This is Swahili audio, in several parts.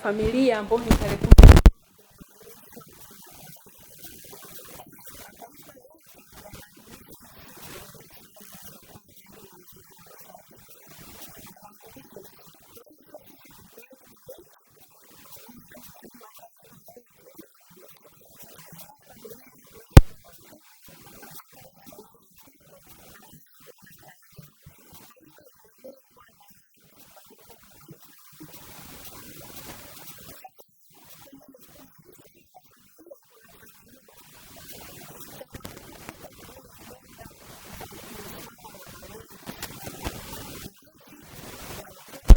familia ambos estaremos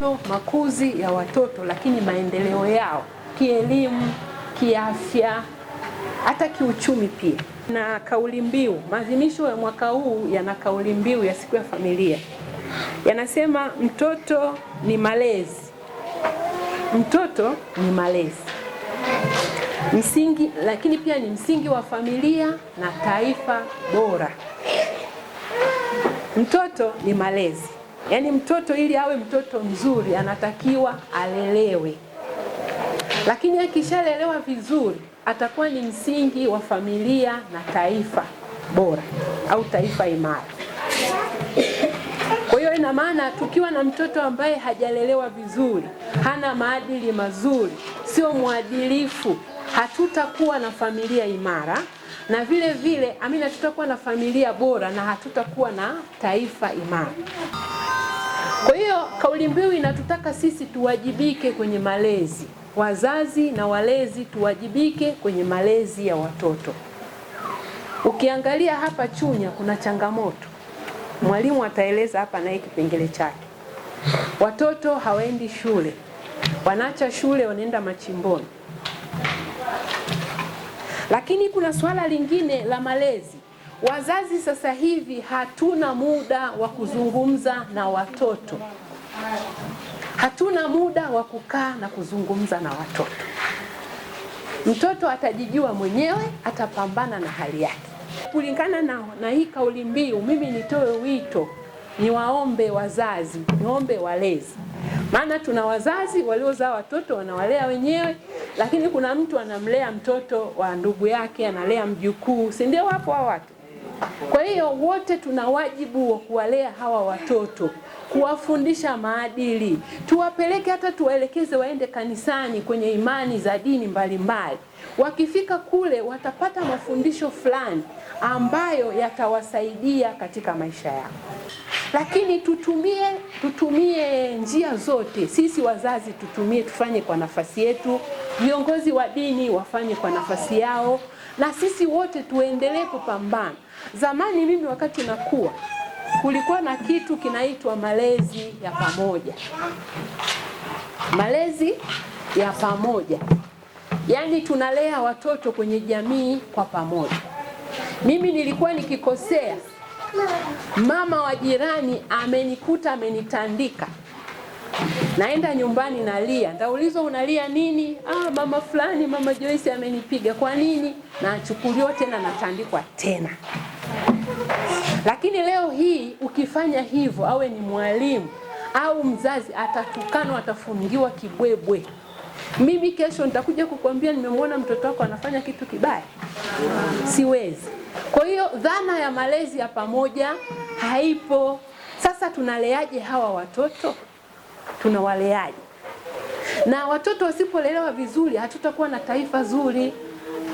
watoto, makuzi ya watoto, lakini maendeleo yao kielimu, kiafya, hata kiuchumi pia. Na kauli mbiu, maadhimisho ya mwaka huu yana kauli mbiu ya siku ya familia, yanasema mtoto ni malezi, mtoto ni malezi msingi, lakini pia ni msingi wa familia na taifa bora. Mtoto ni malezi. Yaani mtoto ili awe mtoto mzuri anatakiwa alelewe, lakini akishalelewa vizuri atakuwa ni msingi wa familia na taifa bora au taifa imara. Kwa hiyo ina maana tukiwa na mtoto ambaye hajalelewa vizuri, hana maadili mazuri, sio mwadilifu, hatutakuwa na familia imara na vile vile, amina, hatutakuwa na familia bora na hatutakuwa na taifa imara. Kwa hiyo kauli mbiu inatutaka sisi tuwajibike kwenye malezi, wazazi na walezi tuwajibike kwenye malezi ya watoto. Ukiangalia hapa Chunya kuna changamoto, mwalimu ataeleza hapa naye kipengele chake. Watoto hawaendi shule, wanaacha shule wanaenda machimboni. Lakini kuna suala lingine la malezi. Wazazi sasa hivi hatuna muda wa kuzungumza na watoto, hatuna muda wa kukaa na kuzungumza na watoto. Mtoto atajijua mwenyewe, atapambana na hali yake. Kulingana na, na hii kauli mbiu, mimi nitoe wito, niwaombe wazazi, niombe walezi, maana tuna wazazi waliozaa watoto wanawalea wenyewe lakini kuna mtu anamlea mtoto wa ndugu yake, analea mjukuu, si ndio? Wapo hao watu. Kwa hiyo wote tuna wajibu wa kuwalea hawa watoto, kuwafundisha maadili, tuwapeleke hata tuwaelekeze waende kanisani kwenye imani za dini mbalimbali. Wakifika kule watapata mafundisho fulani ambayo yatawasaidia katika maisha yao. Lakini tutumie tutumie njia zote, sisi wazazi tutumie, tufanye kwa nafasi yetu, viongozi wa dini wafanye kwa nafasi yao, na sisi wote tuendelee kupambana. Zamani mimi wakati nakuwa kulikuwa na kitu kinaitwa malezi ya pamoja, malezi ya pamoja, yaani tunalea watoto kwenye jamii kwa pamoja. Mimi nilikuwa nikikosea, mama wa jirani amenikuta amenitandika Naenda nyumbani nalia, nitaulizwa unalia nini? Ah, mama fulani, mama Joyce amenipiga. Kwa nini? Nachukuliwa tena, natandikwa tena. Lakini leo hii ukifanya hivyo, awe ni mwalimu au mzazi, atatukanwa, atafungiwa kibwebwe. Mimi kesho nitakuja kukwambia nimemwona mtoto wako anafanya kitu kibaya, siwezi. Kwa hiyo dhana ya malezi ya pamoja haipo. Sasa tunaleaje hawa watoto? tunawaleaje? Na watoto wasipolelewa vizuri, hatutakuwa na taifa zuri.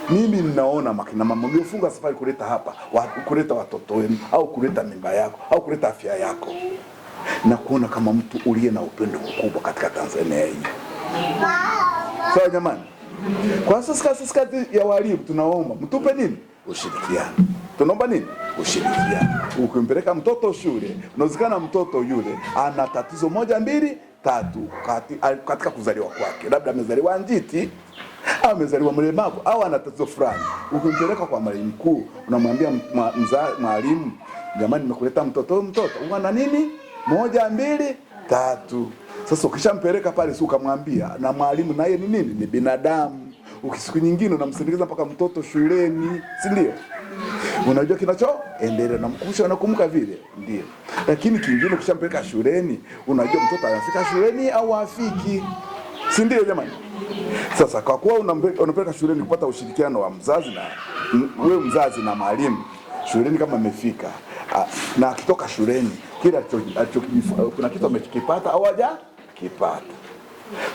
Mimi ninaona makina mama mliofunga safari kuleta hapa wa, kuleta watoto wenu au kuleta mimba yako au kuleta afya yako na kuona kama mtu uliye na upendo mkubwa katika Tanzania hii. Sawa jamani, kwa sasa ya walimu tunaomba mtupe nini? Ushirikiano. Tunaomba nini? Ushirikiano. Ukimpeleka mtoto shule, unawezekana mtoto yule ana tatizo moja mbili tatu katika kuzaliwa kwake, labda amezaliwa njiti au amezaliwa mlemavu au ana tatizo fulani. Ukimpeleka kwa mwalimu mkuu, unamwambia mwalimu, jamani, nimekuleta mtoto mtoto una nini? Moja, mbili, tatu. Sasa ukishampeleka pale, si ukamwambia na mwalimu naye ni nini? Ni binadamu. Ukisiku nyingine unamsindikiza mpaka mtoto shuleni, si ndio? unajua kinachoendelea, namkumbusha anakumbuka vile ndio. Lakini kingine ukishampeleka shuleni, unajua mtoto anafika shuleni au afiki, si ndio jamani? Sasa kwa kuwa unampeleka shuleni kupata ushirikiano wa mzazi na wewe mzazi na mwalimu shuleni, kama amefika na akitoka shuleni, kila kuna kitu amekipata au hajakipata,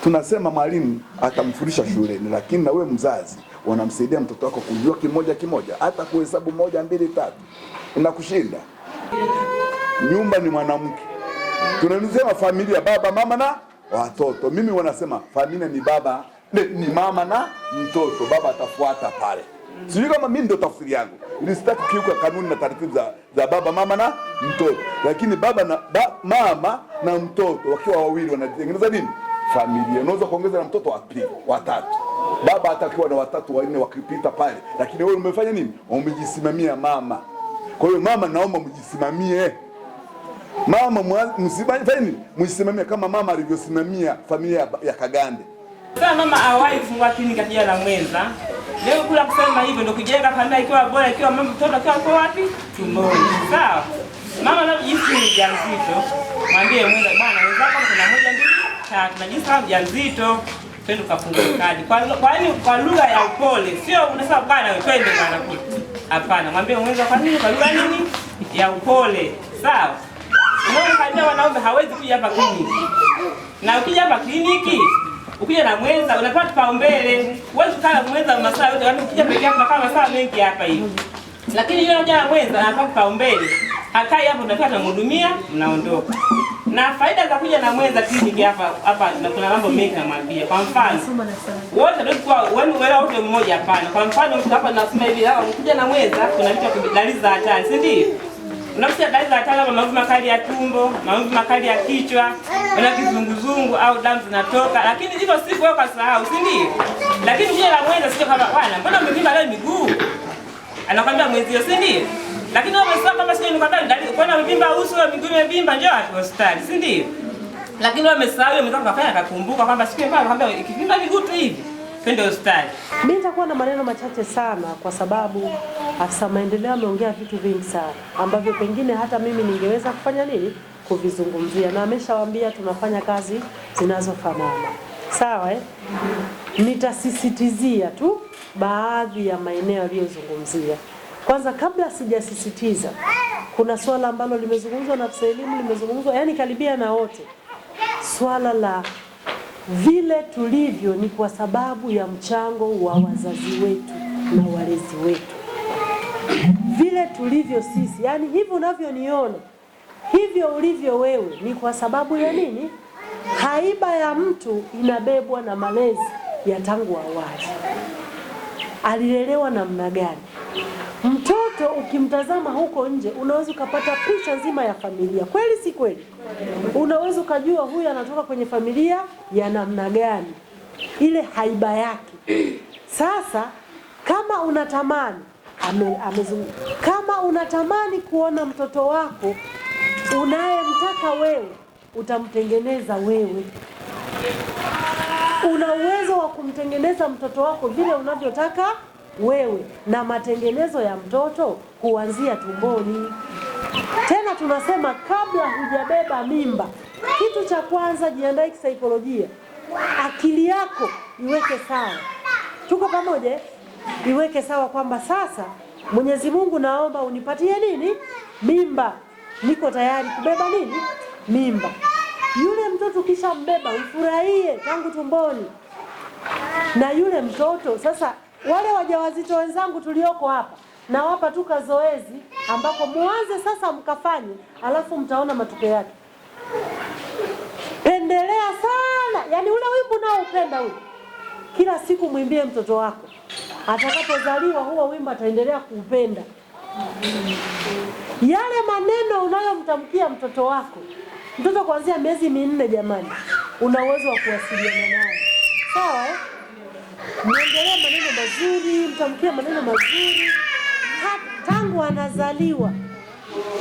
tunasema mwalimu atamfundisha shuleni, lakini na wewe mzazi wanamsaidia mtoto wako kujua kimoja kimoja, hata kuhesabu moja mbili tatu inakushinda. Nyumba ni mwanamke, tunasema familia, baba mama na watoto. Mimi wanasema familia ni baba ni mama na mtoto, baba atafuata pale. Sijui kama mimi ndio tafsiri yangu, nisitaki kiuka kanuni na taratibu za, za baba mama na mtoto, lakini baba na ba, mama na mtoto wakiwa wawili wanatengeneza nini? Familia. Unaweza kuongeza na mtoto wa pili, watatu baba atakiwa na watatu wanne wakipita pale, lakini wewe umefanya nini? Umejisimamia mama. Kwa hiyo mama, naomba mjisimamie mama, msifanye nini? Mjisimamie kama mama alivyosimamia familia ya ya Kagande. Sasa mama awai kufungua klinika kati ya mwenza leo kula kusema hivyo ndio kujenga familia ikiwa bora, ikiwa mama mtoto akiwa kwa wapi tumboni, sawa. Mama na ni mjamzito, mwambie mwenza, bwana mwenza kama kuna moja mbili tatu, na najisikia mjamzito twende ukafungua kadi kwa, kwa kwa lugha ya upole, sio unasema bwana twende bwana kule. Hapana, mwambie mwenza kwa nini, kwa lugha nini ya upole, sawa. Unaona wanaume hawezi kuja hapa kliniki, na ukija hapa kliniki ukija na mwenza unapata kipaumbele. Huwezi kukaa na mwenza masaa yote, yaani ukija peke yako unakaa masaa mengi hapa hivi, lakini yule unaja na mwenza anapewa kipaumbele, hakai hapo, unataka kumhudumia, mnaondoka na faida za kuja na mwenza kliniki hapa hapa, na kuna mambo mengi namwambia. Kwa mfano wote ndio kwa wewe wewe wote mmoja hapana. Kwa mfano mtu hapa nasema hivi, hapa ah, mkuja na mwenza, kuna vitu dalili za hatari, si ndio? Unakuta dalili za hatari kama maumivu makali ya tumbo, maumivu makali ya kichwa, una kizunguzungu au damu zinatoka, lakini hivyo siku wewe kasahau, si ndio? Lakini mwenza sio kama bwana, mbona umevimba leo miguu? Anakwambia mwenzio, si ndio? Lakini wao wamesema kama sio nikadai ndani kwa na vimba uso na miguu imevimba njoo hospitali, si ndio? Lakini wao wamesahau wamezaka kafanya akakumbuka kwamba siku mbaya akamwambia ikivimba miguu tu hivi twende hospitali. Mimi nitakuwa na maneno machache sana kwa sababu afisa maendeleo ameongea vitu vingi sana ambavyo pengine hata mimi ningeweza kufanya nini kuvizungumzia na ameshawaambia tunafanya kazi zinazofanana. Sawa eh? Nitasisitizia tu baadhi ya maeneo aliyozungumzia. Kwanza kabla sijasisitiza, kuna swala ambalo limezungumzwa na afisa elimu, limezungumzwa yani karibia na wote, swala la vile tulivyo ni kwa sababu ya mchango wa wazazi wetu na walezi wetu. Vile tulivyo sisi, yani hivi unavyoniona, hivyo ulivyo wewe, ni kwa sababu ya nini? Haiba ya mtu inabebwa na malezi ya tangu awali, alilelewa namna gani? Mtoto ukimtazama huko nje, unaweza ukapata picha nzima ya familia, kweli si kweli? Unaweza ukajua huyu anatoka kwenye familia ya namna gani, ile haiba yake. Sasa kama unatamani ame, amezungu, kama unatamani kuona mtoto wako unayemtaka wewe, utamtengeneza wewe. Una uwezo wa kumtengeneza mtoto wako vile unavyotaka wewe, na matengenezo ya mtoto kuanzia tumboni. Tena tunasema kabla hujabeba mimba, kitu cha kwanza jiandae kisaikolojia, akili yako iweke sawa. Tuko pamoja, eh? iweke sawa kwamba sasa, Mwenyezi Mungu, naomba unipatie nini? Mimba. Niko tayari kubeba nini? Mimba. Yule mtoto kisha mbeba ufurahie tangu tumboni, na yule mtoto sasa wale wajawazito wenzangu tulioko hapa nawapa tu kazoezi ambako mwanze sasa mkafanye, alafu mtaona matokeo yake. Endelea sana, yani ule wimbo nao upenda huyo, kila siku mwimbie mtoto wako, atakapozaliwa huo wimbo ataendelea kuupenda. Yale maneno unayomtamkia mtoto wako, mtoto kuanzia miezi minne, jamani, una uwezo wa kuwasiliana naye, sawa eh? Mwongelea maneno mazuri, mtamkia maneno mazuri tangu anazaliwa.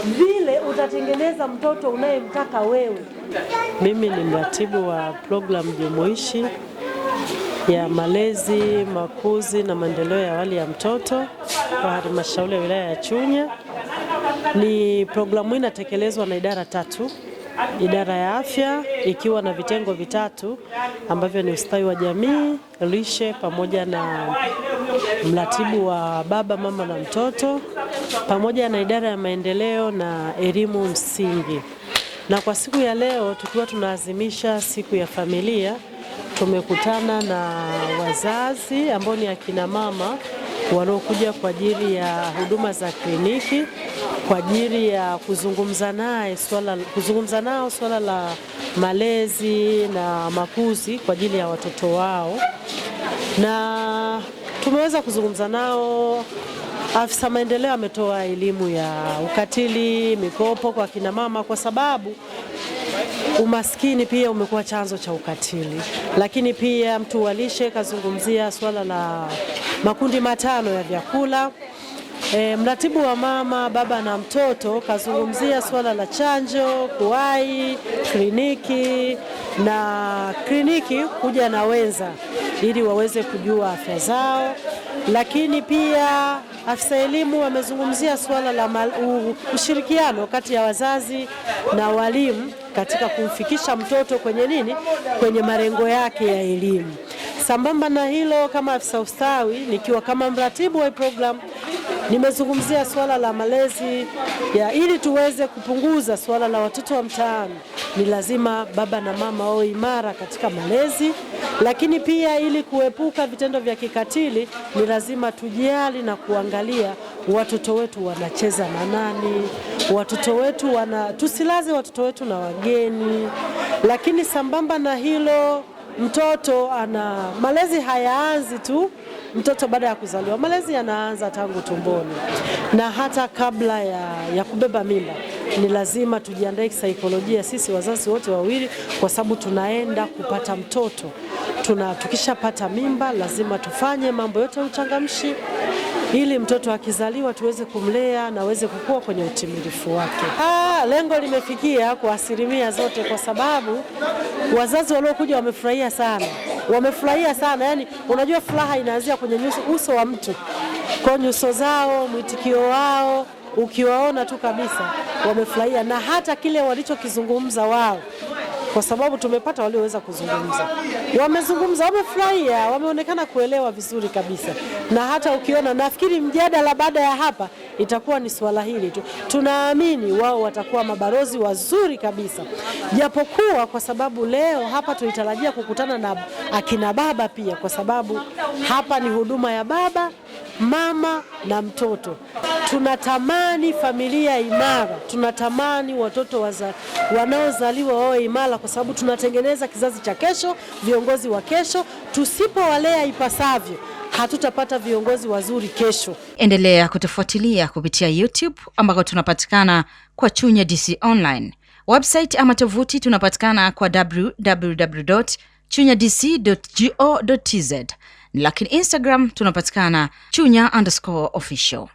Vile utatengeneza mtoto unayemtaka wewe. Mimi ni mratibu wa programu jumuishi ya malezi, makuzi na maendeleo ya awali ya mtoto kwa halmashauri ya wilaya ya Chunya. Ni programu hii inatekelezwa na idara tatu idara ya afya ikiwa na vitengo vitatu ambavyo ni ustawi wa jamii, lishe pamoja na mratibu wa baba mama na mtoto pamoja na idara ya maendeleo na elimu msingi. Na kwa siku ya leo tukiwa tunaazimisha siku ya familia, tumekutana na wazazi ambao ni akina mama wanaokuja kwa ajili ya huduma za kliniki kwa ajili ya kuzungumza naye swala kuzungumza nao swala la malezi na makuzi kwa ajili ya watoto wao, na tumeweza kuzungumza nao. Afisa maendeleo ametoa elimu ya ukatili, mikopo kwa kina mama, kwa sababu umaskini pia umekuwa chanzo cha ukatili. Lakini pia mtu wa lishe kazungumzia swala la makundi matano ya vyakula E, mratibu wa mama baba na mtoto kazungumzia swala la chanjo, kuwai kliniki na kliniki kuja na wenza ili waweze kujua afya zao, lakini pia afisa elimu wamezungumzia suala la mal, ushirikiano kati ya wazazi na walimu katika kumfikisha mtoto kwenye nini, kwenye malengo yake ya elimu. Sambamba na hilo, kama afisa ustawi nikiwa kama mratibu wa programu Nimezungumzia swala la malezi ya, ili tuweze kupunguza swala la watoto wa mtaani, ni lazima baba na mama wao imara katika malezi, lakini pia ili kuepuka vitendo vya kikatili, ni lazima tujali na kuangalia watoto wetu wanacheza na nani, watoto wetu wana, tusilaze watoto wetu na wageni. Lakini sambamba na hilo, mtoto ana malezi hayaanzi tu mtoto baada ya kuzaliwa. Malezi yanaanza tangu tumboni na hata kabla ya, ya kubeba mimba ni lazima tujiandae kisaikolojia sisi wazazi wote wawili, kwa sababu tunaenda kupata mtoto tuna, tukishapata mimba lazima tufanye mambo yote ya uchangamshi ili mtoto akizaliwa tuweze kumlea na aweze kukua kwenye utimilifu wake. Ah, lengo limefikia kwa asilimia zote, kwa sababu wazazi waliokuja wamefurahia sana wamefurahia sana. Yani unajua furaha inaanzia kwenye nyuso, uso wa mtu, kwa nyuso zao, mwitikio wao ukiwaona tu kabisa wamefurahia, na hata kile walichokizungumza wao, kwa sababu tumepata walioweza kuzungumza, wamezungumza, wamefurahia, wameonekana kuelewa vizuri kabisa. Na hata ukiona, nafikiri mjadala baada ya hapa itakuwa ni swala hili tu. Tunaamini wao watakuwa mabalozi wazuri kabisa, japokuwa kwa sababu leo hapa tulitarajia kukutana na akina baba pia, kwa sababu hapa ni huduma ya baba mama na mtoto. Tunatamani familia imara, tunatamani watoto waza, wanaozaliwa wawe imara, kwa sababu tunatengeneza kizazi cha kesho, viongozi wa kesho. Tusipowalea ipasavyo hatutapata viongozi wazuri kesho. Endelea kutufuatilia kupitia YouTube ambako tunapatikana kwa Chunya DC Online website ama tovuti, tunapatikana kwa www chunya dc go tz, lakini Instagram tunapatikana chunya underscore official.